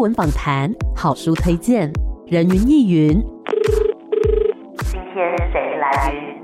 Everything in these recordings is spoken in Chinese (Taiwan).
文訪談、好書推薦、人云藝云。今天誰來？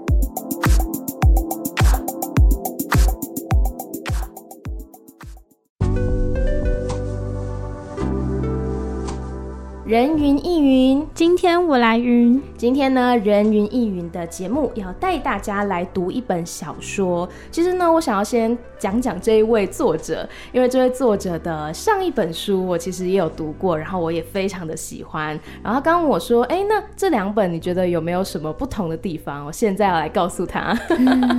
人云亦云，今天我來云。今天呢，人云亦云的節目也要帶大家來讀一本小說。其實呢，我想要先講講這一位作者，因為這位作者的上一本書我其實也有讀過，然後我也非常的喜歡。然後剛剛我說，哎，那這兩本你覺得有沒有什麼不同的地方？我現在要來告訴他。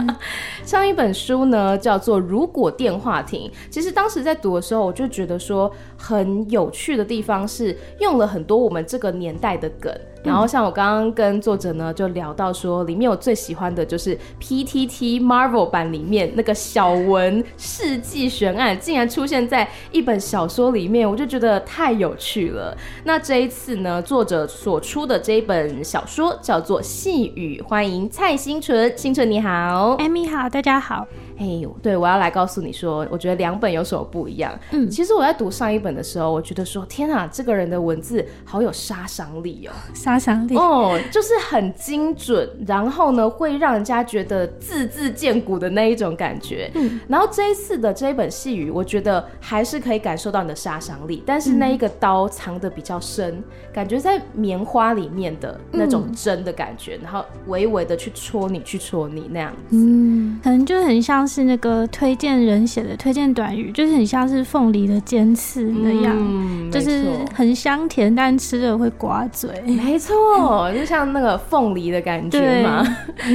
上一本書呢叫做《如果電話亭》，其實當時在讀的時候，我就覺得說很有趣的地方是用了。很多我們這個年代的梗，然後像我剛剛跟作者呢就聊到說，裡面我最喜歡的就是 PTT Marvel 版裡面那個小文世紀懸案竟然出現在一本小說裡面，我就覺得太有趣了。那這一次呢，作者所出的這一本小說叫做《細語》，歡迎蔡欣純。欣純你好，艾咪好，大家好。哎、hey，對，我要來告訴你說，我覺得兩本有什麼不一樣？嗯，其實我在讀上一本的時候，我覺得說，天啊，這個人的文字好有殺傷力哦、喔，殺傷力哦，oh, 就是很精準，然後呢，會讓人家覺得字字見骨的那一種感覺。嗯，然後這一次的這一本細語，我覺得還是可以感受到你的殺傷力，但是那一個刀藏得比較深、嗯，感覺在棉花裡面的那種針的感覺、嗯，然後微微的去戳你，去戳你那樣子，嗯，可能就很像。是那個推薦人寫的推薦短語，就是很像是鳳梨的尖刺那樣，嗯、就是很香甜，但吃了會刮嘴。沒錯， 就像那個鳳梨的感覺嘛。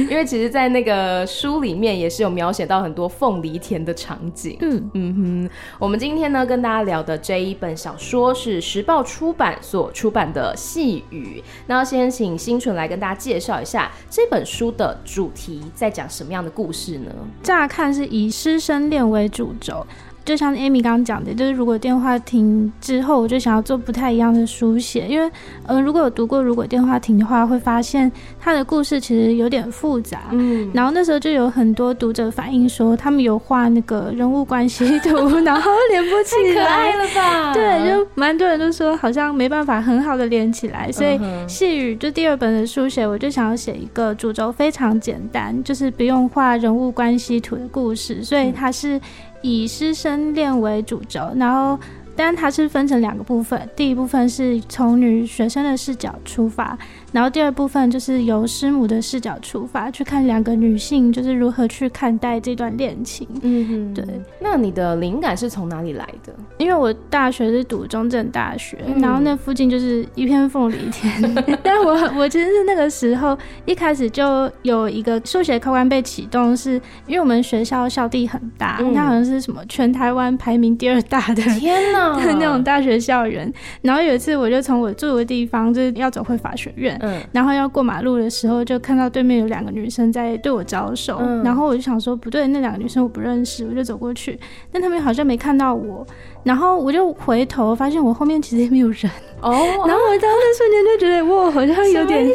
因為其實在那個書裡面也是有描寫到很多鳳梨田的場景。嗯嗯哼，我們今天呢跟大家聊的這一本小說是時報出版所出版的《細語》。那要先請欣純來跟大家介紹一下這本書的主題，在講什麼樣的故事呢？乍看。但是以師生戀為主軸。就像 Amy 剛剛講的，就是如果電話亭之後，我就想要做不太一樣的書寫，因為，呃，如果有讀過《如果電話亭》的話，會發現他的故事其實有點複雜。嗯。然後那時候就有很多讀者反映說，他們有畫那個人物關係圖， 然後連不起來。太可愛了吧？對，就蠻多人都說好像沒辦法很好的連起來。所以細語就第二本的書寫，我就想要寫一個主軸非常簡單，就是不用畫人物關係圖的故事。所以它是。以師生戀為主軸，然後當然它是分成兩個部分。第一部分是從女學生的視角出發。然後第二部分就是由師母的視角出發，去看兩個女性，就是如何去看待這段戀情。嗯哼，對。那你的靈感是從哪裡來的？因為我大學是讀中正大學，嗯，然後那附近就是一片鳳梨田。嗯、但我我其實是那個時候 一開始就有一個數學開關被啟動是，是因為我們學校校地很大，他、嗯、好像是什麼全台灣排名第二大的天哪 那種大學校園。然後有一次我就從我住的地方就是要走回法學院。嗯，然後要過馬路的時候，就看到對面有兩個女生在對我招手。嗯，然後我就想說不對，那兩個女生我不認識，我就走過去，但他們好像沒看到我。然後我就回頭發現我後面其實也沒有人哦、oh, 啊，然後我當時瞬間就覺得，哇，好像有點是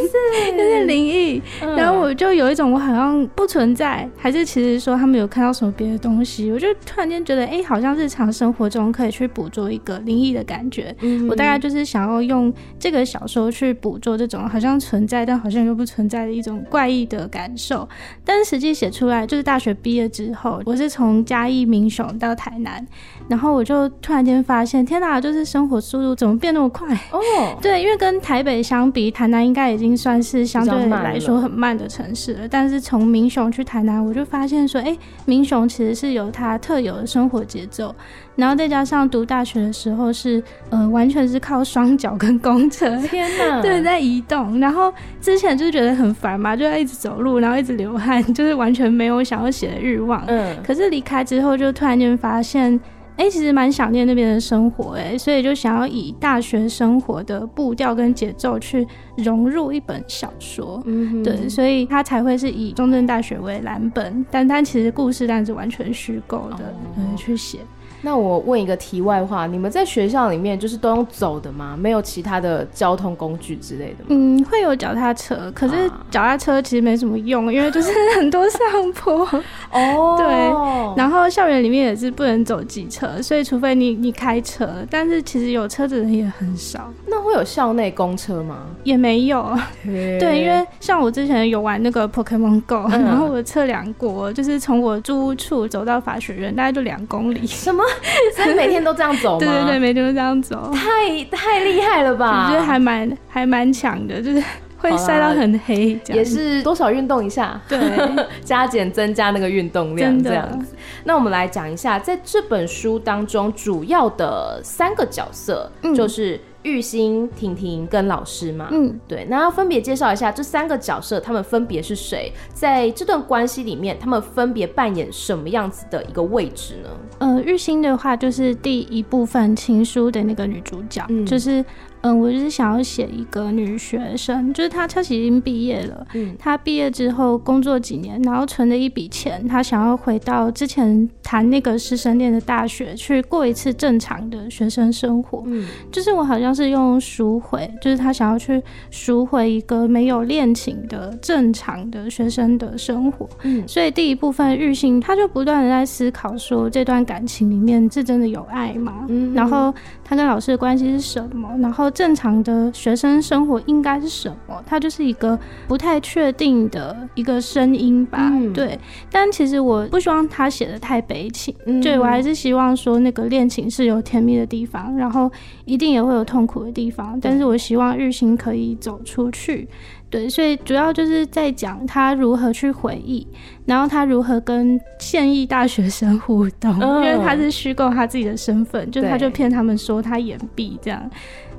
有點靈異、嗯。然後我就有一種我好像不存在，還是其實說他們有看到什麼別的東西。我就突然間覺得，哎，好像日常生活中可以去捕捉一個靈異的感覺、嗯。我大概就是想要用這個小說去捕捉這種好像存在但好像又不存在的一種怪異的感受。但實際寫出來，就是大學畢業之後，我是從嘉義民雄到台南，然後我就。突然間發現，天哪！就是生活速度怎麼變那麼快哦？Oh. 對，因為跟台北相比，台南應該已經算是相對來說很慢的城市了。了但是從民雄去台南，我就發現說，哎、欸，民雄其實是有它特有的生活節奏。然後再加上讀大學的時候是，呃，完全是靠雙腳跟公車。天哪！對，在移動。然後之前就是覺得很煩嘛，就在一直走路，然後一直流汗，就是完全沒有想要寫的慾望。嗯。可是離開之後，就突然間發現。誒、欸，其實蠻想念那邊的生活誒、欸，所以就想要以大學生活的步調跟節奏去融入一本小說，嗯，對，所以他才會是以中正大學為藍本，但他其實故事但是完全虛構的來、嗯、去寫。那我問一個題外話，你們在學校裡面就是都用走的嗎？沒有其他的交通工具之類的嗎？嗯，會有腳踏車，可是腳踏車其實沒什麼用，啊，因為就是很多上坡。 哦，對，然後校園裡面也是不能走機車，所以除非你你開車，但是其實有車子的人也很少。那會有校內公車嗎？也沒有，okay. 對，因為。像我之前有玩那個 Pokemon Go，、嗯、然後我測量過，就是從我住處走到法學院，大概就兩公里。什麼？你每天都這樣走嗎？ 對對對，每天都這樣走。太太厲害了吧？我覺得還蠻還蠻強的，就是會曬到很黑。也是多少運動一下，對， 加減增加那個運動量這樣子。那我們來講一下，在這本書當中主要的三個角色、嗯、就是。玉星、婷婷跟老師嘛，嗯，對，那要分別介紹一下這三個角色，他們分別是誰？在這段關係裡面，他們分別扮演什麼樣子的一個位置呢？呃，玉星的話就是第一部分情書的那個女主角，嗯，就是。嗯，我就是想要寫一個女學生，就是她她已經畢業了，嗯，她畢業之後工作幾年，然後存了一筆錢，她想要回到之前談那個師生戀的大學去過一次正常的學生生活，嗯，就是我好像是用贖回，就是她想要去贖回一個沒有戀情的正常的學生的生活，嗯，所以第一部分日性，她就不斷的在思考說，這段感情裡面是真的有愛嗎？嗯，然後。嗯他跟老師的關係是什麼？然後正常的學生生活應該是什麼？他就是一個不太確定的一個聲音吧、嗯。對，但其實我不希望他寫得太悲情。對、嗯、我還是希望說那個戀情是有甜蜜的地方，然後一定也會有痛苦的地方。嗯、但是我希望日新可以走出去。對，所以主要就是在講他如何去回憶，然後他如何跟現役大學生互動，哦、因為他是虛構他自己的身份，就他就騙他們說他演 B 這樣。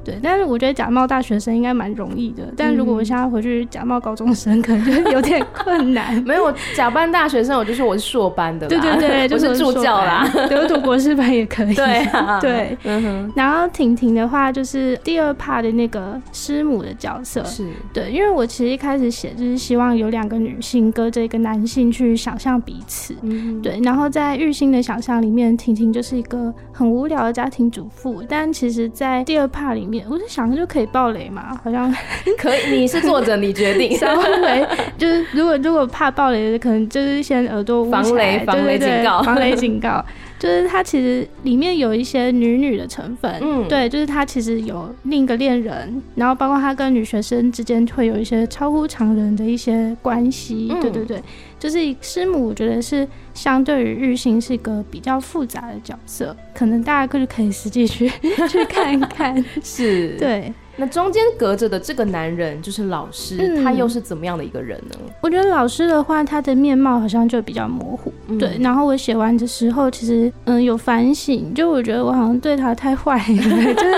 對，但是我覺得假冒大學生應該蠻容易的，但如果我現在回去假冒高中生，嗯，可能就有點困難。 沒有，我 假扮大學生，我就說我是碩班的，對對對， 就是助教啦， 讀博士班也可以。 對、啊、對、嗯，然後婷婷的話就是第二 part 的那個師母的角色，是對，因為我其實一開始寫就是希望有兩個女性隔着一個男性去想象彼此，嗯，對，然後在玉心的想象裡面，婷婷就是一個很無聊的家庭主婦，但其實在第二 part 裡面。我就想着就可以爆雷嘛，好像可以。你是作者， 你決定。雷， 就是如果如果怕爆雷，可能就是先耳朵防雷，防雷對對，防雷警告，防雷警告。就是他其實裡面有一些女女的成分，嗯，對，就是他其實有另一個戀人，然後包括他跟女學生之間會有一些超乎常人的一些關係，嗯，對對對，就是師母，我覺得是相對於日星是一個比較複雜的角色，可能大家可以可以實際去 去看一看， 是，對。那中間隔着的這個男人就是老師，嗯，他又是怎麼樣的一個人呢？我覺得老師的話，他的面貌好像就比較模糊。嗯、對，然後我寫完的時候，其實嗯有反省，就我覺得我好像對他太壞了， 就是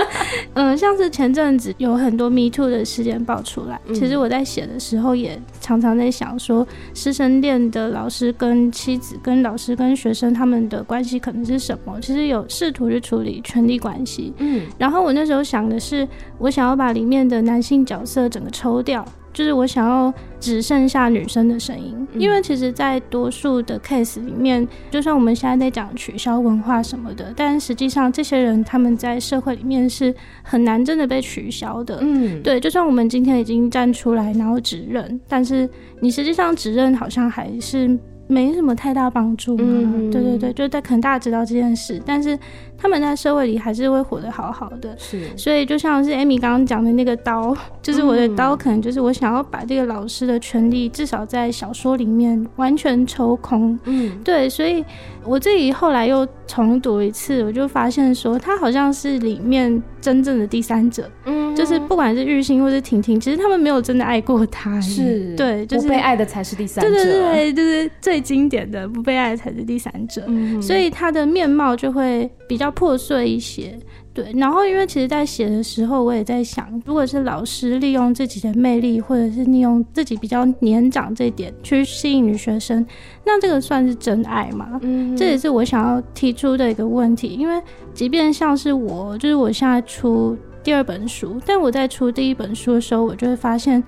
嗯，像是前陣子有很多 me too 的事件爆出來，嗯，其實我在寫的時候也常常在想說，師生戀的老師跟妻子、跟老師跟學生他們的關係可能是什麼？其實有試圖去處理權力關係。嗯，然後我那時候想的是，我想。然後把裡面的男性角色整個抽掉，就是我想要只剩下女生的聲音。嗯，因為其實，在多數的 case 裡面，就算我們現在在講取消文化什麼的，但實際上這些人他們在社會裡面是很難真的被取消的。嗯，對，就算我們今天已經站出來然後指認，但是你實際上指認好像還是。沒什麼太大幫助嘛、嗯，對對對，就在可能大家知道這件事，但是他們在社會裡還是會活得好好的。是，所以就像是 Amy 剛剛講的那個刀，就是我的刀，可能就是我想要把這個老師的權力至少在小說裡面完全抽空。嗯，對，所以我自己後來又重讀一次，我就發現說他好像是裡面真正的第三者。嗯。就是不管是玉興或是婷婷，其實他們沒有真的愛過他，是，對，就是不被愛的才是第三者。對對對，就是最經典的，不被愛才是第三者。嗯。所以他的面貌就會比較破碎一些。對，然後因為其實，在寫的時候，我也在想，如果是老師利用自己的魅力，或者是利用自己比較年長這一點去吸引女學生，那這個算是真愛嗎？嗯。這也是我想要提出的一個問題。因為即便像是我，就是我現在出。第二本書，但我在出第一本書的時候，我就會發現，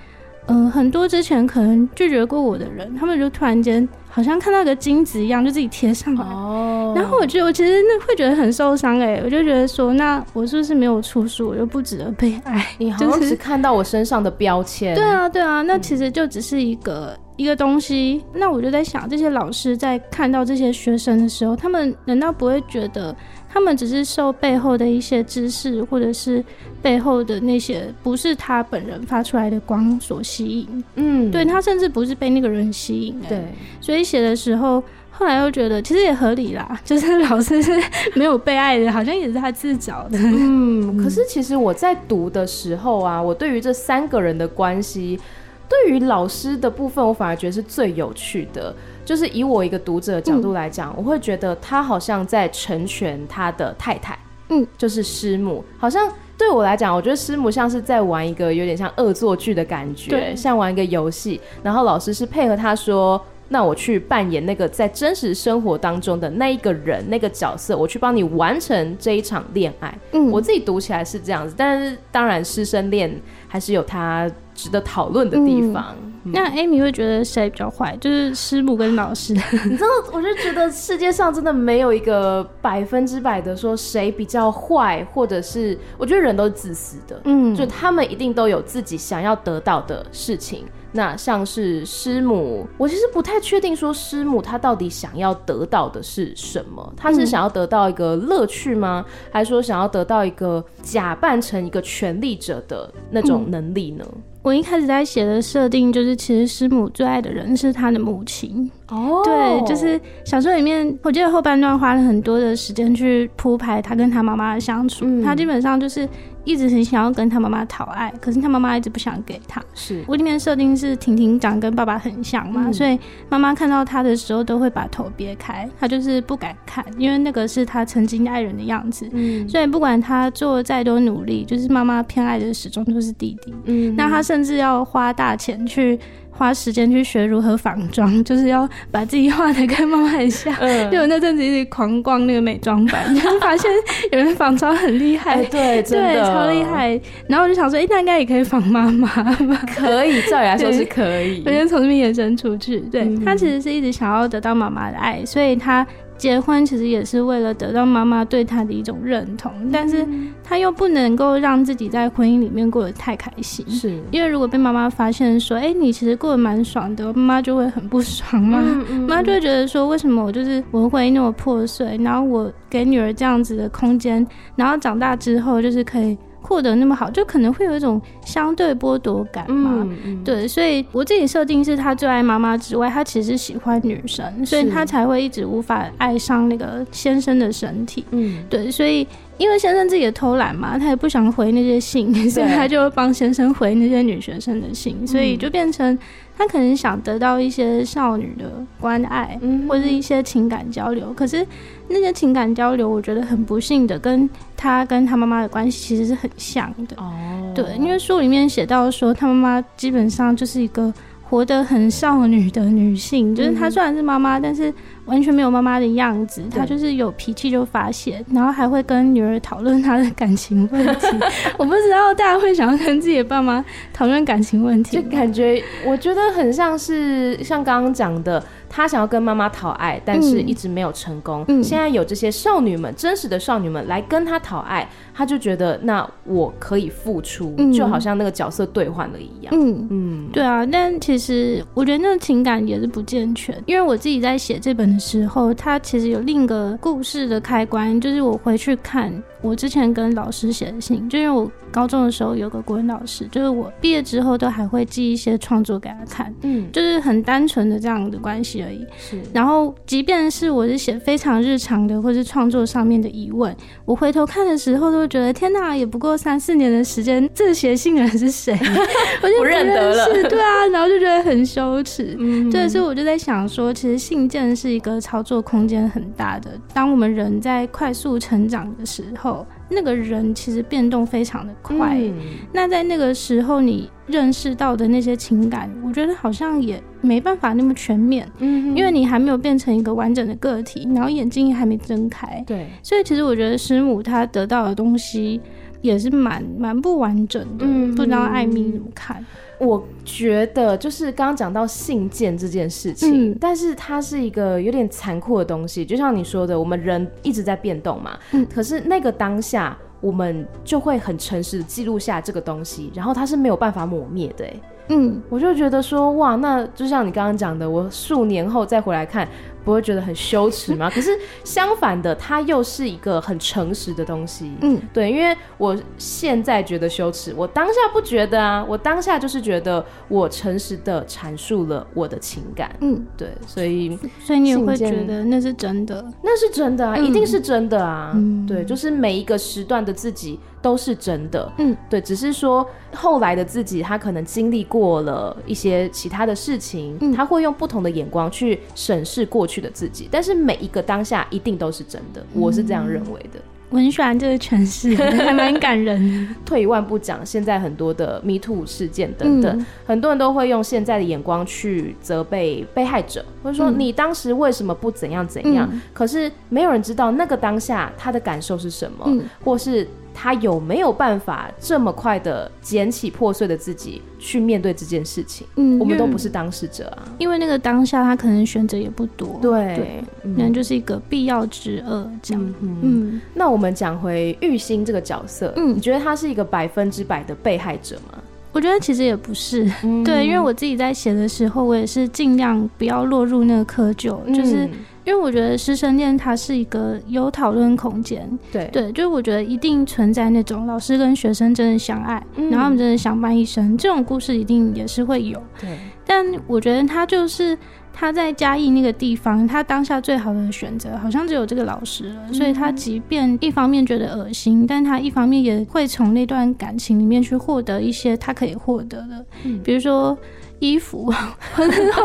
嗯、呃，很多之前可能拒絕過我的人，他們就突然間好像看到一個金子一樣，就自己貼上來。哦。然後我覺得我其實那會覺得很受傷哎、欸，我就覺得說，那我是不是沒有出書，我就不值得被愛、哎？你好像只、就是、看到我身上的標籤。對啊，對啊，那其實就只是一個、嗯、一個東西。那我就在想，這些老師在看到這些學生的時候，他們難道不會覺得？他們只是受背後的一些知識，或者是背後的那些不是他本人發出來的光所吸引。嗯，對他甚至不是被那個人吸引欸。對，所以寫的時候，後來又覺得其實也合理啦。就是 老師是沒有被愛的，好像也是他自找的。嗯，可是其實我在讀的時候啊，我對於這三個人的關係，對於老師的部分，我反而覺得是最有趣的。就是以我一個讀者的角度來講，嗯，我會覺得他好像在成全他的太太，嗯，就是師母，好像對我來講，我覺得師母像是在玩一個有點像惡作劇的感覺，對，像玩一個遊戲。然後老師是配合他說：“那我去扮演那個在真實生活當中的那一個人，那個角色，我去幫你完成這一場戀愛。”嗯，我自己讀起來是這樣子，但是當然，師生戀還是有它值得討論的地方。嗯。嗯、那艾咪會覺得誰比較壞？就是師母跟老師。你知道， 我就覺得世界上真的沒有一個百分之百的說誰比較壞，或者是我覺得人都是自私的。嗯，就他們一定都有自己想要得到的事情。那像是師母，我其實不太確定說師母她到底想要得到的是什麼？她是想要得到一個樂趣嗎、嗯？還是說想要得到一個假扮成一個權力者的那種能力呢？嗯我一開始在寫的設定就是，其實師母最愛的人是他的母親。哦，對，就是小說裡面，我記得後半段花了很多的時間去鋪排他跟他媽媽的相處，嗯。他基本上就是一直很想要跟他媽媽討愛，可是他媽媽一直不想給他。是，我裡面設定是婷婷長跟爸爸很像嘛，嗯，所以媽媽看到他的時候都會把頭別開，他就是不敢看，因為那個是他曾經愛人的樣子。嗯，所以不管他做了再多努力，就是媽媽偏愛的始終都是弟弟。嗯，那他甚至要花大錢去。花時間去學如何仿妝，就是要把自己畫的跟媽媽很像。嗯，就我那陣子一直狂逛那個美妝版，然 後發現有人仿妝很厲害。哎，對，對真的超厲害。然後我就想說，欸，那應該也可以仿媽媽吧？可以，照理來說是可以。我覺得從這邊延伸出去，對，嗯，他其實是一直想要得到媽媽的愛，所以他。結婚其實也是為了得到媽媽對她的一種認同，但是她又不能夠讓自己在婚姻裡面過得太開心，是因為如果被媽媽發現說，哎、欸，你其實過得蠻爽的，我媽媽就會很不爽嘛、啊，媽、嗯、媽、嗯、就會覺得說，為什麼我就是我的婚姻那麼破碎，然後我給女兒這樣子的空間，然後長大之後就是可以。過得那麼好，就可能會有一種相對剝奪感嘛、嗯。對，所以我自己設定是他最愛媽媽之外，他其實喜歡女生，所以他才會一直無法愛上那個先生的身體。嗯，對，所以。因為先生自己也偷懶嘛，他也不想回那些信，所以他就會幫先生回那些女學生的信，嗯，所以就變成他可能想得到一些少女的關愛，嗯，或者一些情感交流。可是那些情感交流，我覺得很不幸的，跟他跟他媽媽的關係其實是很像的。哦，對，因為書裡面寫到說，他媽媽基本上就是一個活得很少女的女性，就是他雖然是媽媽，嗯，但是。完全沒有媽媽的樣子，他就是有脾氣就發洩，然後還會跟女兒討論她的感情問題。 我不知道大家會想要跟自己的爸媽討論感情問題，就感覺我覺得很像是像剛剛講的，他想要跟媽媽討愛，但是一直沒有成功。嗯，現在有這些少女們，真實的少女們來跟他討愛，他就覺得那我可以付出，就好像那個角色兌換了一樣。嗯嗯，對啊，但其實我覺得那個情感也是不健全，因為我自己在寫這本。時候，他其實有另一個故事的開關，就是我回去看我之前跟老師寫的信，就因為我高中的時候有個國文老師，就是我畢業之後都還會寄一些創作給他看，嗯，就是很單純的這樣的關係而已。是，然後即便是我是寫非常日常的或是創作上面的疑問，我回頭看的時候都覺得天哪，也不過三四年的時間，這寫信人是誰？ 得 我就不認得了，對啊，然後就覺得很羞恥，嗯，對，所以我就在想說，其實信件是一個。個操作空間很大的。當我們人在快速成長的時候，那個人其實變動非常的快。嗯、那在那個時候，你認識到的那些情感，我覺得好像也沒辦法那麼全面。嗯、因為你還沒有變成一個完整的個體，然後眼睛也還沒睜開。對。所以其實我覺得師母她得到的東西也是蠻蠻不完整的。嗯、不知道艾咪怎麼看。我覺得就是剛剛講到信件這件事情，嗯，但是它是一個有點殘酷的東西，就像你說的，我們人一直在變動嘛。嗯，可是那個當下，我們就會很誠實的記錄下這個東西，然後它是沒有辦法抹滅的，欸。嗯，我就覺得說，哇，那就像你剛剛講的，我數年後再回來看。不會覺得很羞恥嗎？ 可是相反的，它又是一個很誠實的東西。嗯，對，因為我現在覺得羞恥，我當下不覺得啊，我當下就是覺得我誠實的闡述了我的情感。嗯，對，所以所以你也會覺得那是真的，那是真的啊，一定是真的啊。嗯，對，就是每一個時段的自己，都是真的，嗯，對，只是說後來的自己，他可能經歷過了一些其他的事情，嗯、他會用不同的眼光去審視過去的自己，但是每一個當下一定都是真的，嗯、我是這樣認為的。我很喜歡這個詮釋， 還蠻感人的 退一萬步講，現在很多的 “MeToo” 事件等等，嗯，很多人都會用現在的眼光去責備被害者，或者說你當時為什麼不怎樣怎樣，嗯。可是沒有人知道那個當下他的感受是什麼，嗯、或是。他有沒有辦法這麼快的撿起破碎的自己去面對這件事情嗯？嗯，我們都不是當事者啊，因為那個當下他可能選擇也不多，對，那、嗯、就是一個必要之惡這樣嗯嗯。嗯，那我們講回玉心這個角色，嗯，你覺得他是一個百分之百的被害者嗎？我覺得其實也不是，嗯、對，因為我自己在寫的時候，我也是盡量不要落入那個窠臼，就是。嗯因為我覺得師生戀它是一個有討論空間，對對，就是我覺得一定存在那種老師跟學生真的相愛，嗯、然後他們真的相伴一生這種故事，一定也是會有。對，但我覺得他就是他在嘉義那個地方，他當下最好的選擇好像只有這個老師了，所以他即便一方面覺得惡心，嗯、但他一方面也會從那段感情裡面去獲得一些他可以獲得的、嗯，比如說。衣服、化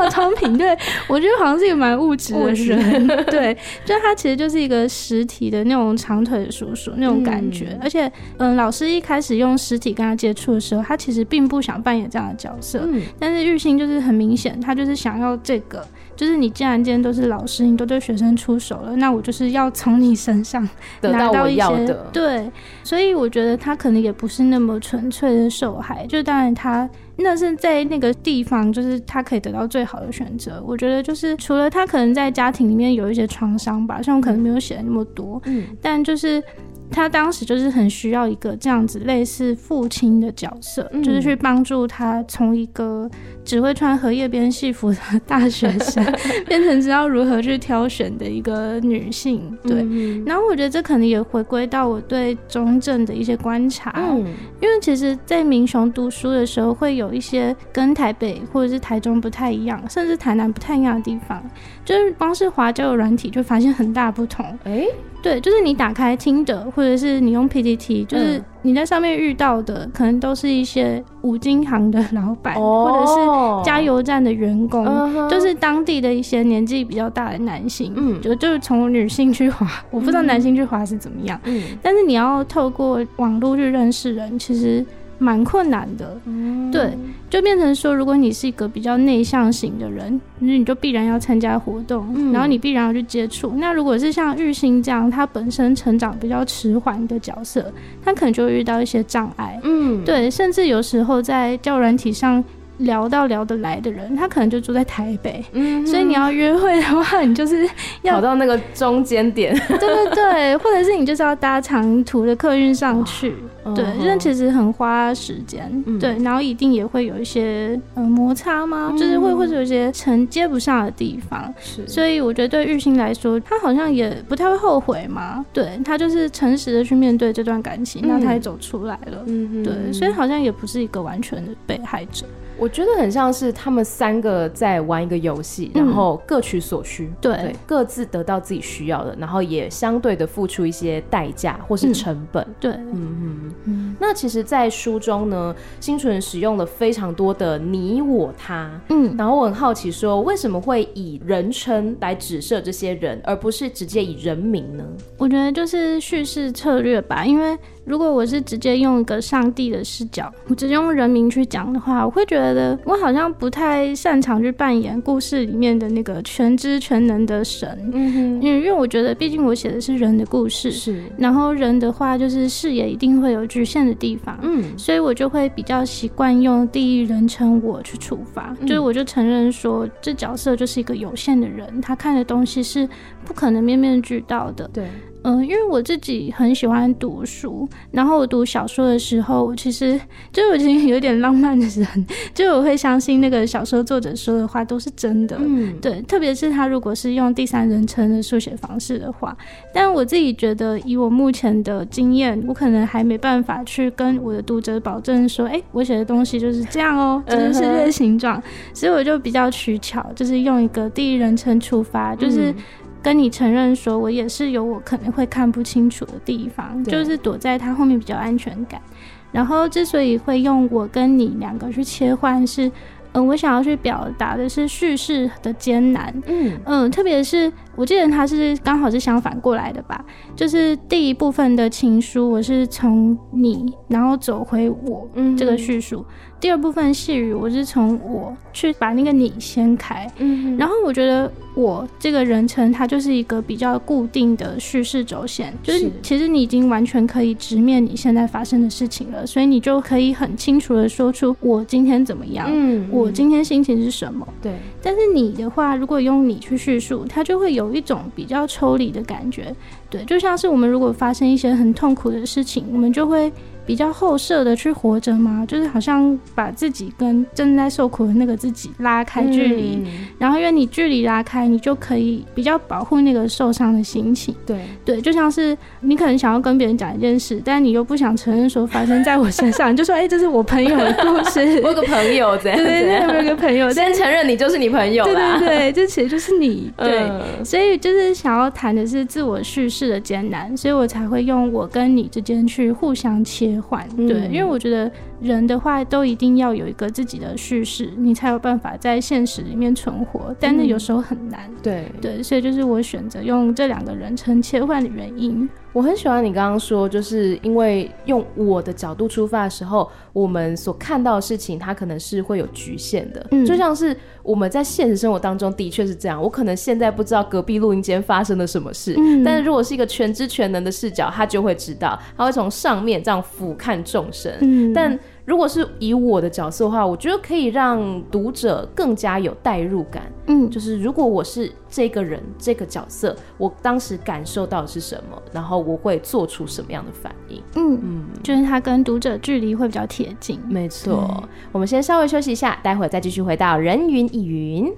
妝品，對， 我覺得好像是一個蠻物質的，的人，對，就他其實就是一個實體的那種長腿叔叔那種感覺，嗯，而且，嗯，老師一開始用實體跟他接觸的時候，他其實並不想扮演這樣的角色，嗯，但是玉性就是很明顯，他就是想要這個。就是你既然今天都是老師，你都對學生出手了，那我就是要從你身上拿到一些得到我要的。對，所以我覺得他可能也不是那麼純粹的受害。就當然他那是在那個地方，就是他可以得到最好的選擇。我覺得就是除了他可能在家庭裡面有一些創傷吧，嗯，像我可能沒有寫那麼多。嗯，但就是。他當時就是很需要一個這樣子類似父親的角色，嗯、就是去幫助他從一個只會穿荷葉邊戲服的大學生， 變成知道如何去挑選的一個女性。對，嗯嗯，然後我覺得這可能也回歸到我對中正的一些觀察。嗯，因為其實，在民雄讀書的時候，會有一些跟台北或者是台中不太一樣，甚至台南不太一樣的地方，就是光是滑交友軟體就發現很大不同。哎、欸。對，就是你打開聽的，或者是你用 PTT，就是你在上面遇到的，嗯，可能都是一些五金行的老闆、哦，或者是加油站的員工，哦、就是當地的一些年紀比較大的男性。嗯，就就是從女性去滑，我不知道男性去滑是怎麼樣？嗯，但是你要透過網絡去認識人，其實。蠻困難的，嗯，對，就變成說，如果你是一個比較內向型的人，那你就必然要參加活動，然後你必然要去接觸，嗯。那如果是像玉星這樣，他本身成長比較遲緩的角色，他可能就會遇到一些障礙，嗯，對，甚至有時候在教軟體上。聊到聊得來的人，他可能就住在台北，嗯、所以你要約會的話，你就是要走到那個中間點， 對對對，或者是你就是要搭長途的客運上去，哦、對，這、嗯、其實很花時間、嗯，對，然後一定也會有一些呃摩擦嗎？嗯、就是會會有一些承接不上的地方，是，所以我覺得對玉興來說，他好像也不太會後悔嘛，對，他就是誠實的去面對這段感情，嗯、那他也走出來了、嗯，對，所以好像也不是一個完全的被害者。我覺得很像是他們三個在玩一個遊戲、嗯，然後各取所需，對，各自得到自己需要的，然後也相對的付出一些代價或是成本，嗯嗯、對，嗯嗯嗯。那其實，在書中呢，欣純使用了非常多的你、我、他，嗯，然後我很好奇，說為什麼會以人稱來指涉這些人，而不是直接以人名呢？我覺得就是敘事策略吧，因為。如果我是直接用一個上帝的視角，我直接用人名去講的話，我會覺得我好像不太擅長去扮演故事裡面的那個全知全能的神。嗯哼，因為我覺得，畢竟我寫的是人的故事，是。然後人的話，就是視野一定會有局限的地方。嗯，所以我就會比較習慣用第一人稱我去出發，嗯。就是我就承認說，這角色就是一個有限的人，他看的東西是不可能面面俱到的。對。嗯、呃，因為我自己很喜歡讀書，然後我讀小說的時候，我其實就已經有點浪漫的人，就我會相信那個小說作者說的話都是真的。嗯，對，特別是他如果是用第三人稱的書寫方式的話，但我自己覺得以我目前的經驗，我可能還沒辦法去跟我的讀者保證說，哎、欸，我寫的東西就是這樣哦、喔，就 是世界的形狀。所以我就比較取巧，就是用一個第一人稱出發，就是。嗯跟你承認說，我也是有我可能會看不清楚的地方，就是躲在他後面比較安全感。然後之所以會用我跟你兩個去切換，是，嗯，我想要去表達的是敘事的艱難，嗯嗯，特別是。我記得他是剛好是相反過來的吧，就是第一部分的情書，我是從你，然後走回我這個敘述，嗯。第二部分細語，我是從我去把那個你掀開。嗯，嗯，然後我覺得我這個人稱它就是一個比較固定的敘事軸線，就是其實你已經完全可以直面你現在發生的事情了，所以你就可以很清楚的說出我今天怎麼樣，嗯，嗯，我今天心情是什麼。對，但是你的話，如果用你去敘述，他就會有。有一種比較抽離的感覺，對，就像是我們如果發生一些很痛苦的事情，我們就會，比較後設的去活着嗎？就是好像把自己跟正在受苦的那個自己拉開距離，嗯，然後因為你距離拉開，你就可以比較保護那個受傷的心情，嗯對對。對對，就像是你可能想要跟別人講一件事，但你又不想承認說發生在我身上， 你就說哎，欸、這是我朋友的故事， 對 我有個朋友這樣子。對對，我有個朋友，先承認你就是你朋友。對對對，這其實就是你。對，呃，所以就是想要談的是自我敘事的艱難，所以我才會用我跟你之間去互相切。嗯、對，因為我覺得。人的話都一定要有一個自己的敘事，你才有辦法在現實裡面存活，但是有時候很難。嗯、對對，所以就是我選擇用這兩個人稱切換的原因。我很喜歡你剛剛說，就是因為用我的角度出發的時候，我們所看到的事情它可能是會有局限的。嗯。就像是我們在現實生活當中的確是這樣。我可能現在不知道隔壁錄音間發生了什麼事，嗯，但是如果是一個全知全能的視角，他就會知道，他會從上面這樣俯瞰眾生。嗯、但。如果是以我的角色的話，我覺得可以讓讀者更加有代入感。嗯，就是如果我是這個人這個角色，我當時感受到的是什麼，然後我會做出什麼樣的反應？嗯嗯，就是他跟讀者距離會比較貼近。嗯、沒錯，我們先稍微休息一下，待會再繼續回到人云藝云。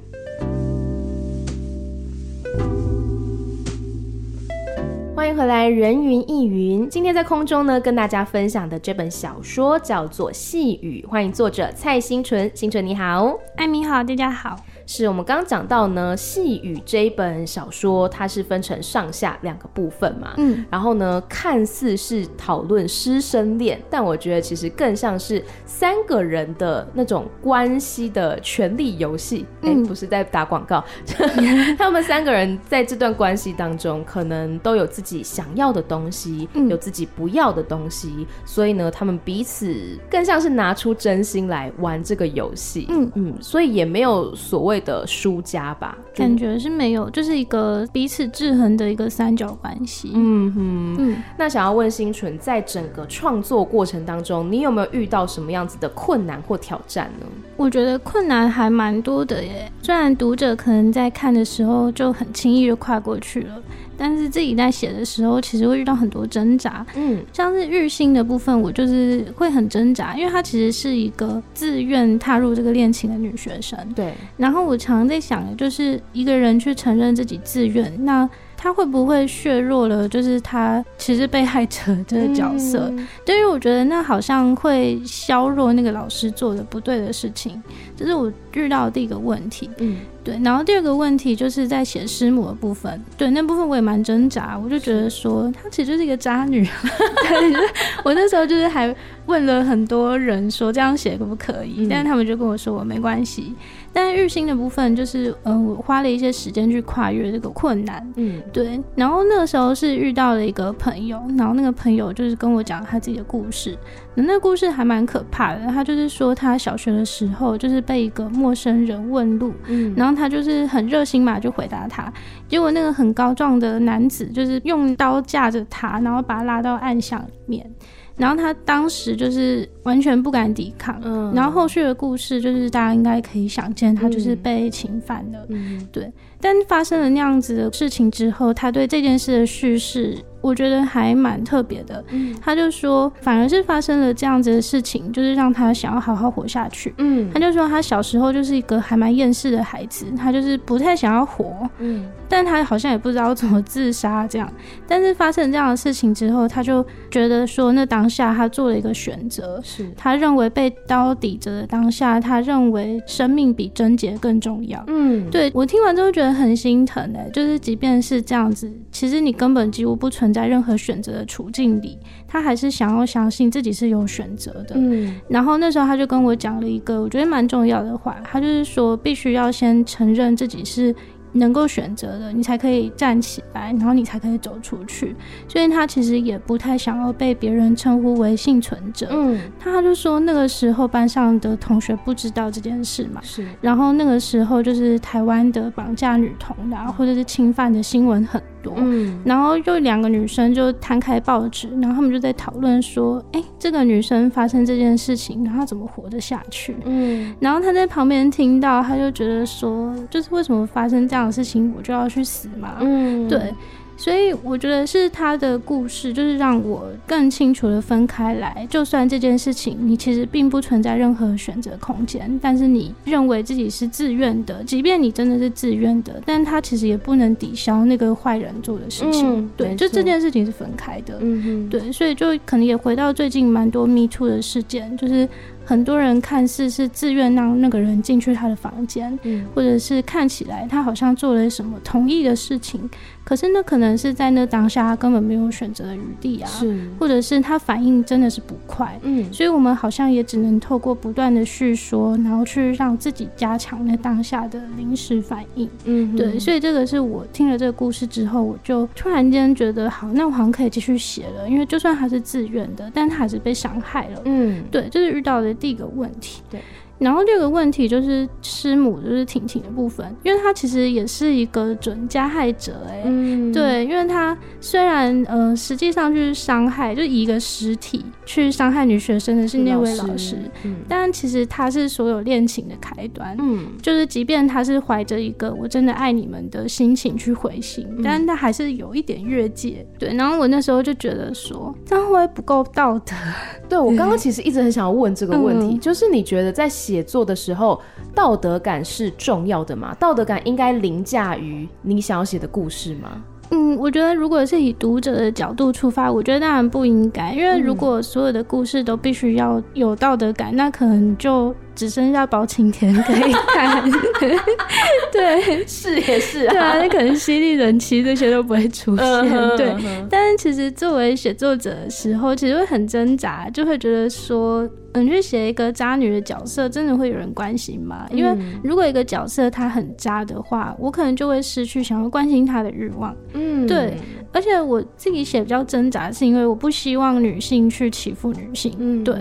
歡迎回來，人云藝云。今天在空中呢，跟大家分享的這本小說叫做《細語》，歡迎作者蔡欣純。欣純你好，艾米好，大家好。是我們剛剛講到呢，《細語》這一本小說，它是分成上下兩個部分嘛。嗯，然後呢，看似是討論師生戀，但我覺得其實更像是三個人的那種關係的權力遊戲。欸，不是在打廣告，嗯、 他們三個人在這段關係當中，可能都有自己想要的東西，有自己不要的東西，嗯、所以呢，他們彼此更像是拿出真心來玩這個遊戲。嗯嗯，所以也沒有所謂的。的輸家吧，感覺是沒有，就是一個彼此制衡的一個三角關係。嗯哼，嗯，那想要問欣純，在整個創作過程當中，你有沒有遇到什麼樣子的困難或挑戰呢？我覺得困難還蠻多的耶，雖然讀者可能在看的時候就很輕易就跨過去了。但是自己在寫的時候，其實會遇到很多掙扎。嗯，像是日性的部分，我就是會很掙扎，因為她其實是一個自願踏入這個戀情的女學生。對。然後我常在想，就是一個人去承認自己自願，那她會不會削弱了？就是她其實被害者的這個角色。對、嗯、於我覺得那好像會削弱那個老師做的不對的事情。這、就是我遇到的第一個問題。嗯。對，然後第二個問題就是在寫師母的部分，對，那部分我也蠻掙扎，我就覺得說她其實就是一個渣女， 對 我那時候就是還問了很多人說這樣寫可不可以，嗯、但是他們就跟我說我沒關係。但是玉心的部分就是，嗯，我花了一些時間去跨越這個困難，嗯，對。然後那個時候是遇到了一個朋友，然後那個朋友就是跟我講他自己的故事。那個、故事還蠻可怕的，他就是說他小學的時候就是被一個陌生人問路，嗯、然後他就是很熱心嘛，就回答他，結果那個很高壯的男子就是用刀架着他，然後把他拉到暗巷裡面，然後他當時就是完全不敢抵抗，嗯，然後後續的故事就是大家應該可以想見，他就是被侵犯了，嗯，嗯，對。但發生了那樣子的事情之後，他對這件事的敘事。我覺得還蠻特別的，他就說，反而是發生了這樣子的事情，就是讓他想要好好活下去。嗯，他就說他小時候就是一個還蠻厭世的孩子，他就是不太想要活。嗯，但他好像也不知道怎麼自殺這樣。但是發生了這樣的事情之後，他就覺得說，那當下他做了一個選擇，是他認為被刀抵着的當下，他認為生命比貞潔更重要。嗯，對，我聽完之後覺得很心疼哎、欸，就是即便是這樣子，其實你根本幾乎不存在。在任何選擇的處境裡，他還是想要相信自己是有選擇的。嗯，然後那時候他就跟我講了一個我覺得蠻重要的話，他就是說，必須要先承認自己是能夠選擇的，你才可以站起來，然後你才可以走出去。所以他其實也不太想要被別人稱呼為幸存者。嗯，他就說那個時候班上的同學不知道這件事嘛，是。然後那個時候就是台灣的綁架女童然後或者是侵犯的新聞很。嗯，然後又兩個女生就攤開報紙，然後他們就在討論說，誒，這個女生發生這件事情，然後她怎麼活得下去？嗯，然後她在旁邊聽到，她就覺得說，就是為什麼發生這樣的事情，我就要去死嘛？嗯，對。所以我覺得是他的故事，就是讓我更清楚地分開來。就算這件事情你其實並不存在任何選擇空間，但是你認為自己是自願的，即便你真的是自願的，但他其實也不能抵消那個壞人做的事情。嗯、對，就這件事情是分開的。嗯哼，對，所以就可能也回到最近蠻多 Me Too 的事件，就是。很多人看似是自願讓那個人進去他的房間，嗯，或者是看起來他好像做了什麼同意的事情，可是那可能是在那當下他根本沒有選擇的餘地啊，是，或者是他反應真的是不快，嗯，所以我們好像也只能透過不斷的敘說，然後去讓自己加強那當下的臨時反應，嗯，嗯，對，所以這個是我聽了這個故事之後，我就突然間覺得好，那我好像可以繼續寫了，因為就算他是自願的，但他還是被傷害了，嗯，對，就是遇到的。這個問題，對。然後第二個問題就是師母就是挺情的部分，因為她其實也是一個準加害者哎、欸嗯，對，因為她雖然呃實際上就是傷害，就以一個實體去傷害女學生的是那位老師，老師嗯、但其實她是所有戀情的開端，嗯，就是即便她是懷着一個我真的愛你們的心情去回信、嗯，但她還是有一點越界，對。然後我那時候就覺得說這樣會不夠道德，嗯、對我剛剛其實一直很想問這個問題，嗯、就是你覺得在。寫作的時候，道德感是重要的嗎？道德感應該凌駕於你想要寫的故事嗎？嗯，我覺得如果是以讀者的角度出發，我覺得當然不應該，因為如果所有的故事都必須要有道德感，嗯、那可能就。只剩下包青天可以看 對，是也是啊，對，那可能犀利人妻這些都不會出現， 對。但是其實作為寫作者的時候，其實會很掙扎，就會覺得說，嗯、呃，去寫一個渣女的角色，真的會有人關心嗎？因為如果一個角色她很渣的話，我可能就會失去想要關心她的慾望。嗯，對。而且我自己寫比較掙扎，是因為我不希望女性去欺負女性。嗯，對。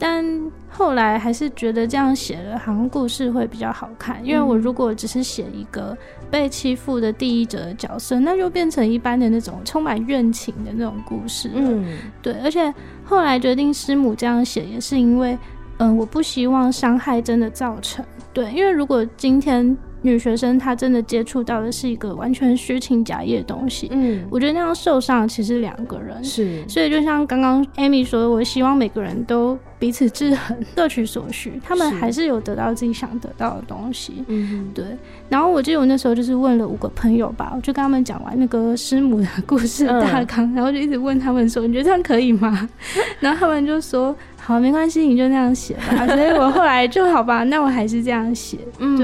但後來還是覺得這樣寫的好像故事會比較好看。因為我如果只是寫一個被欺負的第一者的角色，那就變成一般的那種充滿怨情的那種故事了。嗯，對。而且後來決定師母這樣寫，也是因為，嗯、呃，我不希望傷害真的造成。對，因為如果今天。女學生她真的接觸到的是一個完全虛情假意的東西，嗯，我覺得那樣受傷其實兩個人是，所以就像剛剛 Amy 說的，我希望每個人都彼此制衡，各取所需，他們還是有得到自己想得到的東西，嗯，對。然後我記得我那時候就是問了五個朋友吧，我就跟他們講完那個師母的故事大綱，嗯，然後就一直問他們說，你覺得這樣可以嗎？ 然後他們就說。好，沒關係，你就那樣寫吧。所以我後來就好吧， 那我還是這樣寫。嗯，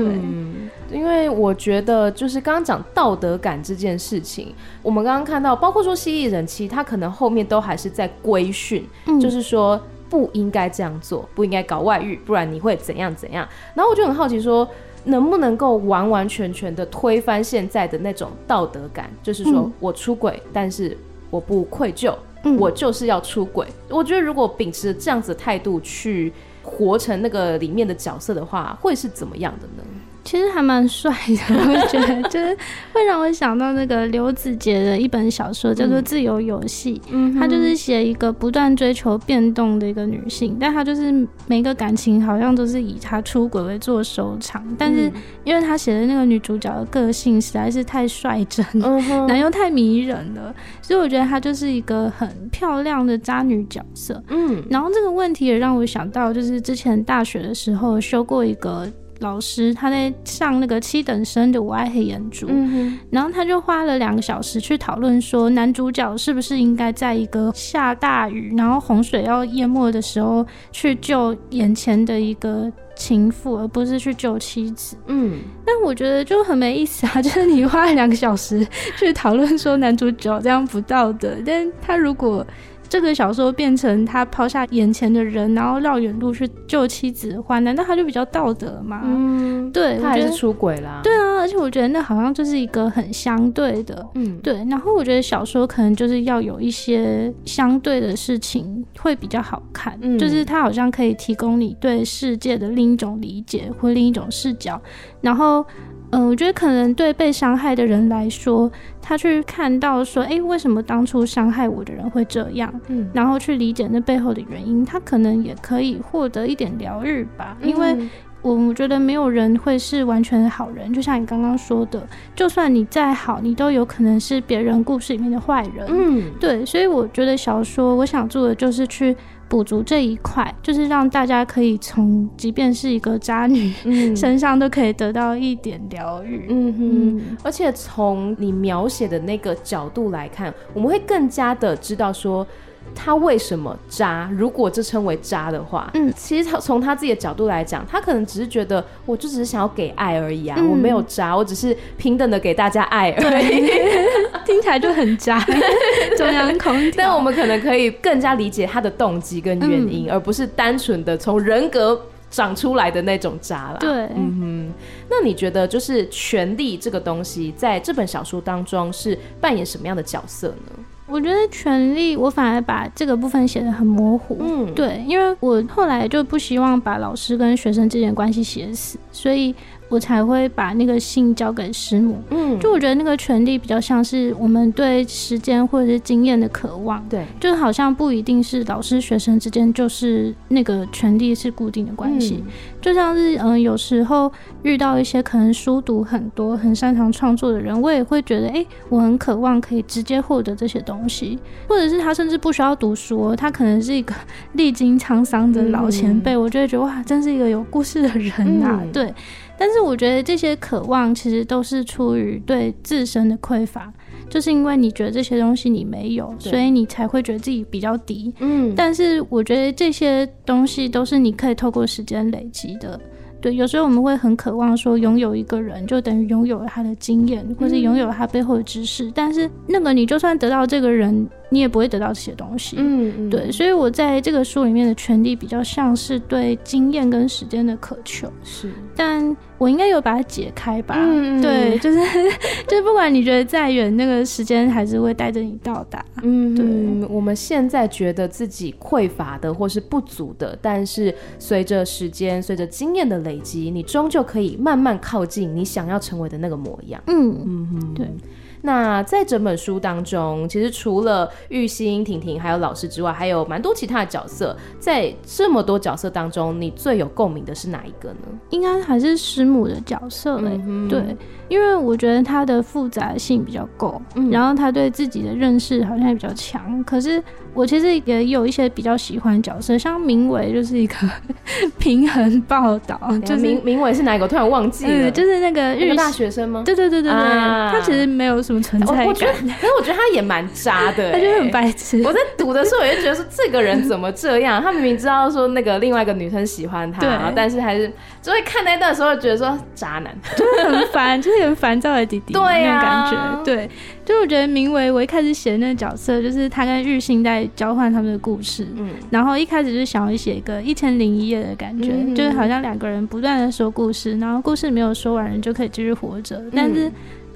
對，因為我覺得就是剛剛講道德感這件事情，我們剛剛看到，包括說犀利人妻其實他可能後面都還是在規訓、嗯，就是說不應該這樣做，不應該搞外遇，不然你會怎樣怎樣。然後我就很好奇，說能不能夠完完全全的推翻現在的那種道德感？就是說我出軌、嗯，但是我不愧疚。我就是要出軌。我覺得，如果秉持這樣子的態度去活成那個裡面的角色的話，會是怎麼樣的呢？其實還蠻帥的，我覺得就是會讓我想到那個劉子杰的一本小說，叫做《自由遊戲》。嗯，他就是寫一個不斷追求變動的一個女性，但她就是每個感情好像都是以她出軌為做收場，但是因為她寫的那個女主角的個性實在是太率真了，嗯，男友太迷人了，所以我覺得她就是一個很漂亮的渣女角色。嗯，然後這個問題也讓我想到，就是之前大學的時候修過一個。老師他在上那個七等生的《我愛黑眼珠》，嗯、然後他就花了兩個小時去討論說，男主角是不是應該在一個下大雨，然後洪水要淹沒的時候去救眼前的一個情婦，而不是去救妻子。嗯，但我覺得就很沒意思啊，就是你花了兩個小時去討論說男主角這樣不道德，但他如果。這個小說變成他拋下眼前的人，然後繞遠路去救妻子的話，難道他就比較道德嗎？嗯，對，他還是出軌啦。對啊，而且我覺得那好像就是一個很相對的，嗯，對。然後我覺得小說可能就是要有一些相對的事情會比較好看，嗯，就是它好像可以提供你對世界的另一種理解或另一種視角，然後。嗯，我覺得可能對被傷害的人來說，他去看到說，誒、欸，為什麼當初傷害我的人會這樣？然後去理解那背後的原因，他可能也可以獲得一點療癒吧。因為我覺得沒有人會是完全的好人，就像你剛剛說的，就算你再好，你都有可能是別人故事裡面的壞人。嗯，對，所以我覺得小說我想做的就是去。補足這一塊，就是讓大家可以從，即便是一個渣女、嗯、身上，都可以得到一點療癒。嗯哼嗯，而且從你描寫的那個角度來看，我們會更加的知道說。他為什麼渣？如果這稱為渣的話，嗯，其實他從他自己的角度來講，他可能只是覺得，我就只是想要給愛而已啊，嗯、我沒有渣，我只是平等的給大家愛而已。 聽起來就很渣， 中央空調 但我們可能可以更加理解他的動機跟原因、嗯，而不是單純的從人格長出來的那種渣啦。對，嗯哼。那你覺得，就是權力這個東西，在這本小說當中是扮演什麼樣的角色呢？我覺得權力，我反而把這個部分寫得很模糊。嗯，對，因為我後來就不希望把老師跟學生之間關係寫死，所以。我才會把那個信交給師母。嗯，就我覺得那個權力比較像是我們對時間或者是經驗的渴望。對，就好像不一定是老師學生之間就是那個權力是固定的關係。嗯。就像是嗯，有時候遇到一些可能書讀很多、很擅長創作的人，我也會覺得哎、欸，我很渴望可以直接獲得這些東西。或者是他甚至不需要讀書，他可能是一個歷經滄桑的老前輩。嗯，我就會覺得哇，真是一個有故事的人吶、啊。嗯。對。但是我覺得這些渴望其實都是出於對自身的匱乏，就是因為你覺得這些東西你沒有，所以你才會覺得自己比較低。嗯，但是我覺得這些東西都是你可以透過時間累積的。對，有時候我們會很渴望說擁有一個人，就等於擁有了他的經驗，或是擁有了他背後的知識，嗯。但是那個你就算得到這個人，你也不會得到這些東西。嗯，嗯，對。所以，我在這個書裡面的權力比較像是對經驗跟時間的渴求。是，但。我應該有把它解開吧？嗯、對，就是 就是，不管你覺得再遠，那個時間還是會帶着你到達。嗯，對。我們現在覺得自己匱乏的或是不足的，但是隨着時間、隨着經驗的累積，你終究可以慢慢靠近你想要成為的那個模樣。嗯嗯，對。那在整本書當中，其實除了玉興、婷婷還有老師之外，還有蠻多其他的角色。在這麼多角色當中，你最有共鳴的是哪一個呢？應該還是師母的角色、欸嗯、對，因為我覺得她的複雜性比較夠、嗯，然後他對自己的認識好像也比較強。可是我其實也有一些比較喜歡的角色，像明偉就是一個 平衡報道。就是明偉是哪一個？突然忘記了。嗯、就是那個日、那個、大學生嗎？對對對對對，啊、他其實沒有什麼。存在感我我覺得，可是我覺得他也蠻渣的、欸，他覺得很白痴。我在讀的時候我就覺得說這個人怎麼這樣？ 他明明知道說那個另外一個女生喜歡他，然後但是還是。就會看那段的時候，覺得說渣男，就 很煩，就是很煩躁的弟弟，對種感覺對、啊、對。就我覺得名為我一開始寫的那個角色，就是他跟日新在交換他們的故事，嗯，然後一開始就是想要寫一個一千零一夜的感覺，嗯、就是好像兩個人不斷的說故事，然後故事沒有說完，就可以繼續活着、嗯，但是。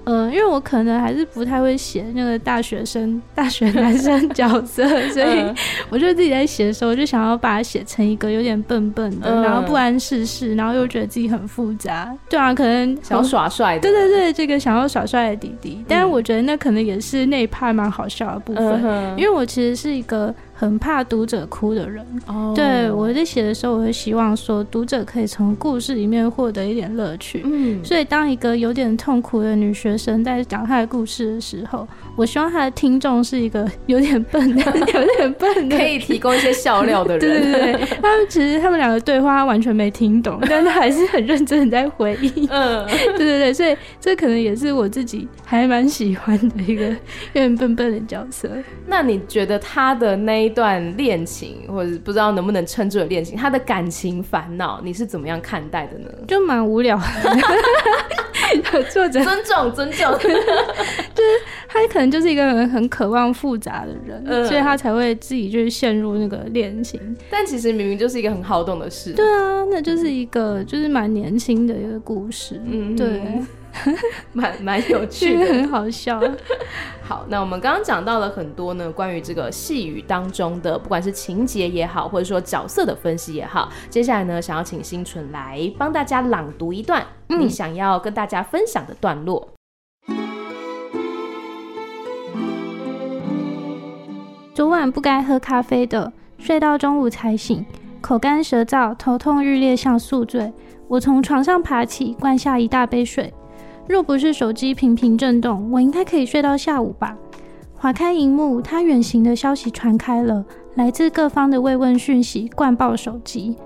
嗯、呃，因為我可能還是不太會寫那個大學生、大學男生角色， 所以我就自己在寫的時候，我就想要把它寫成一個有點笨笨的，呃、然後不諳世事，事，然後又覺得自己很複雜，對啊，可能想耍帥，對對對，這個想要耍帥的弟弟。嗯、但是我覺得那可能也是那一派蠻好笑的部分，嗯，因為我其實是一個。很怕讀者哭的人，oh. 對，我在寫的時候，我會希望說讀者可以從故事裡面獲得一點樂趣。嗯、mm.，所以當一個有點痛苦的女學生在講她的故事的時候，我希望她的聽眾是一個有點笨的、 有點笨的， 可以提供一些笑料的人。 對對對，他們其實他們兩個對話他完全沒聽懂， 但他還是很認真很在回應。嗯、uh.，對對對，所以這可能也是我自己還蠻喜歡的一個有點笨笨的角色。 那你覺得他的那一一段戀情，或者不知道能不能稱之為戀情，他的感情煩惱，你是怎麼樣看待的呢？就蠻無聊的。 尊，尊重尊重， 他可能就是一個很，很渴望複雜的人，嗯，所以他才會自己就是陷入那個戀情。但其實明明就是一個很好懂的事，對啊，那就是一個就是蠻年輕的一個故事，嗯，對。蠻 蠻有趣的， 很好笑。 好，那我們剛剛講到了很多呢，關於這個《細語》當中的，不管是情節也好，或者說角色的分析也好。接下來呢，想要請欣純來幫大家朗讀一段、嗯、你想要跟大家分享的段落。嗯。昨晚不該喝咖啡的，睡到中午才醒，口乾舌燥，頭痛欲裂，像宿醉。我從床上爬起，灌下一大杯水。若不是手機頻頻震動，我應該可以睡到下午吧。滑開螢幕，他遠行的消息傳開了，來自各方的慰問訊息灌爆手機。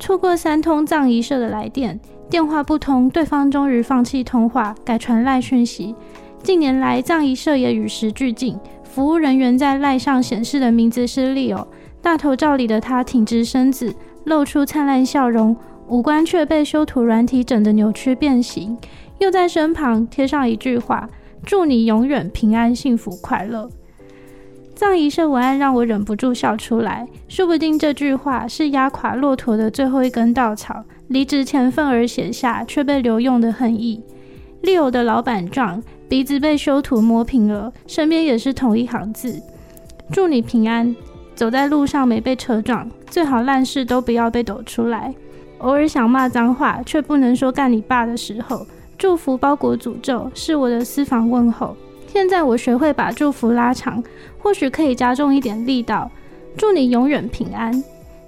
錯過三通葬儀社的來電，電話不通，對方終於放棄通話，改傳賴訊息。近年來，葬儀社也與時俱進，服務人員在賴上顯示的名字是 Leo。大頭照裡的他挺直身子，露出燦爛笑容，五官卻被修圖軟體整得扭曲變形。又在身旁貼上一句話：“祝你永遠平安、幸福、快樂。”葬儀社文案讓我忍不住笑出來，說不定這句話是壓垮駱駝的最後一根稻草。離職前憤而寫下，卻被留用的恨意。利偶的老板撞，鼻子被修圖磨平了，身邊也是同一行字：“祝你平安，走在路上沒被車撞，最好爛事都不要被抖出來。偶爾想罵髒話，卻不能說幹你爸的時候。”祝福包裹詛咒，是我的私房問候。現在我學會把祝福拉長，或許可以加重一點力道。祝你永遠平安，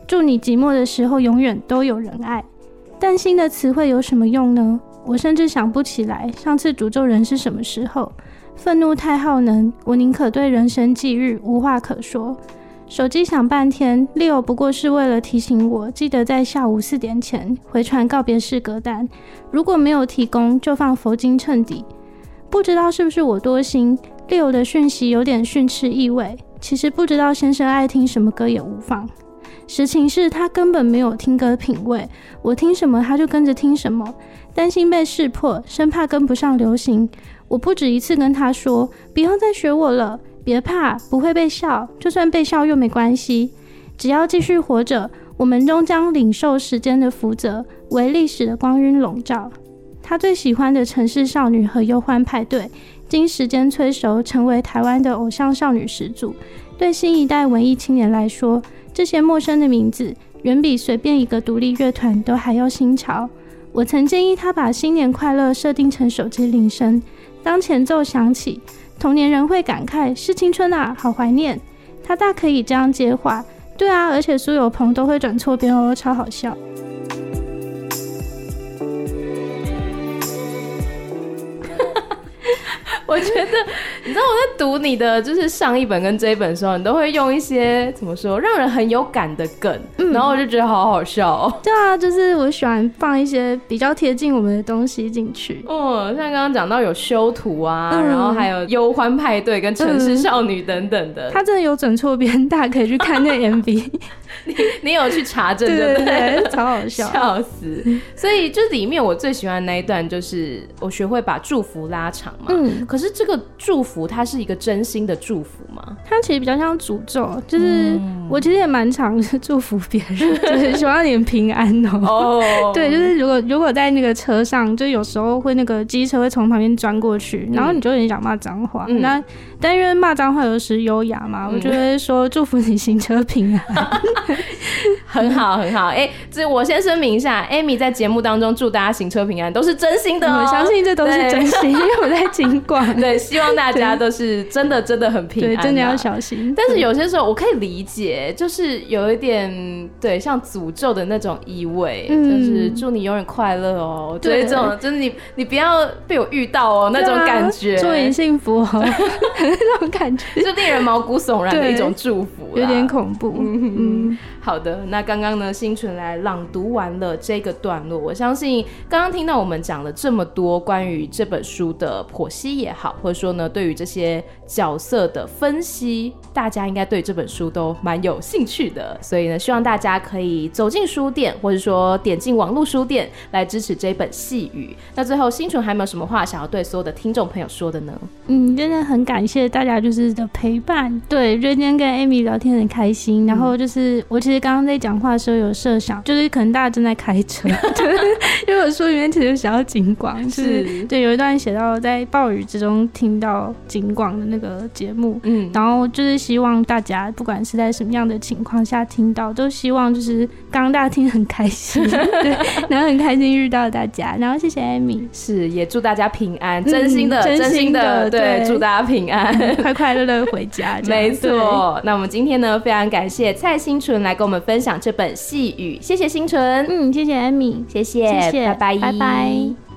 祝你寂寞的時候永遠都有人愛。但新的詞彙有什麼用呢？我甚至想不起來上次詛咒人是什麼時候。憤怒太耗能，我寧可對人生際遇無話可說。手機響半天，Leo 不過是為了提醒我，記得在下午四點前回傳告別式歌單。如果沒有提供，就放佛經襯底。不知道是不是我多心，Leo 的訊息有點訓斥意味。其實不知道先生愛聽什麼歌也無妨。實情是他根本沒有聽歌品味，我聽什麼他就跟着聽什麼。擔心被識破，生怕跟不上流行。我不止一次跟他說，不要再學我了。別怕，不會被笑，就算被笑又沒關係。只要繼續活着，我們終將領受時間的福澤，為歷史的光暈籠罩。他最喜歡的城市少女和憂歡派對，經時間催熟，成為台灣的偶像少女始祖。對新一代文藝青年來說，這些陌生的名字遠比隨便一個獨立樂團都還要新潮。我曾建議他把新年快樂設定成手機鈴聲，當前奏響起。同年人會感慨是青春啊，好懷念。他大可以這樣接話，對啊，而且蘇有朋都會轉錯邊哦，超好笑。 我覺得，你知道我在讀你的，就是上一本跟這一本的時候，你都會用一些怎麼說，讓人很有感的梗，嗯、然後我就覺得好好笑。喔，對啊，就是我喜歡放一些比較貼近我們的東西進去。哦、嗯，像剛剛講到有修圖啊、嗯，然後還有憂歡派對跟城市少女等等的。他、嗯、真的有整錯邊，大家可以去看那個 MV。 你，你有去查證對不對？超好笑，， 笑死。所以就裡面我最喜歡的那一段就是我學會把祝福拉長嘛。嗯。可是這個祝福它是一個真心的祝福嘛，它其實比較像詛咒，就是我其實也蠻常祝福別人，就是希望你平安哦、喔。 對，就是如果如果在那個車上，就有時候會那個機車會從旁邊鑽過去、嗯，然後你就很想罵髒話。嗯、那但因為罵髒話有時優雅嘛，我就會說祝福你行車平安。嗯 很，好很好，很、欸、好。哎，這我先聲明一下，Amy 在節目當中祝大家行車平安，都是真心的、喔。我、嗯、相信這都是真心， 因為我在警廣。對，希望大家都是真的，真的很平安、啊，對，真的要小心。但是有些時候我可以理解，就是有一點對，像詛咒的那種意味，嗯、就是祝你永遠快樂哦、喔。對，這種就是你你不要被我遇到哦那種感覺，祝你幸福哦。那種感覺，就令、啊喔、 人毛骨悚然的一種祝福，有點恐怖。嗯 嗯。好的，那剛剛呢，欣純來朗讀完了這個段落。我相信剛剛聽到我們講了這麼多關於這本書的剖析也好，或者說呢，對於這些。角色的分析，大家應該對這本書都蠻有興趣的，所以呢，希望大家可以走進書店，或者說點進網絡書店來支持這本《細語》。那最後，欣純還有沒有什麼話想要對所有的聽眾朋友說的呢？嗯，真的很感謝大家就是的陪伴，對，覺得今天跟 Amy 聊天很開心。然後就是、嗯、我其實剛剛在講話的時候有設想，就是可能大家正在開車， 因為書裡面其實寫到警廣，就是，是對有一段寫到在暴雨之中聽到警廣的那個。這個節目，嗯，然後就是希望大家不管是在什麼樣的情況下聽到，都希望就是剛剛大家聽很開心 對，然後很開心遇到大家，然後謝謝艾米，是也祝大家平安，真心的，嗯、真心的，真心的對，對，祝大家平安，嗯、 快快樂樂回家， 沒錯。那我們今天呢，非常感謝蔡欣純來跟我們分享這本《細語》，謝謝欣純，嗯，謝謝艾米，謝謝，謝謝，拜拜，拜拜。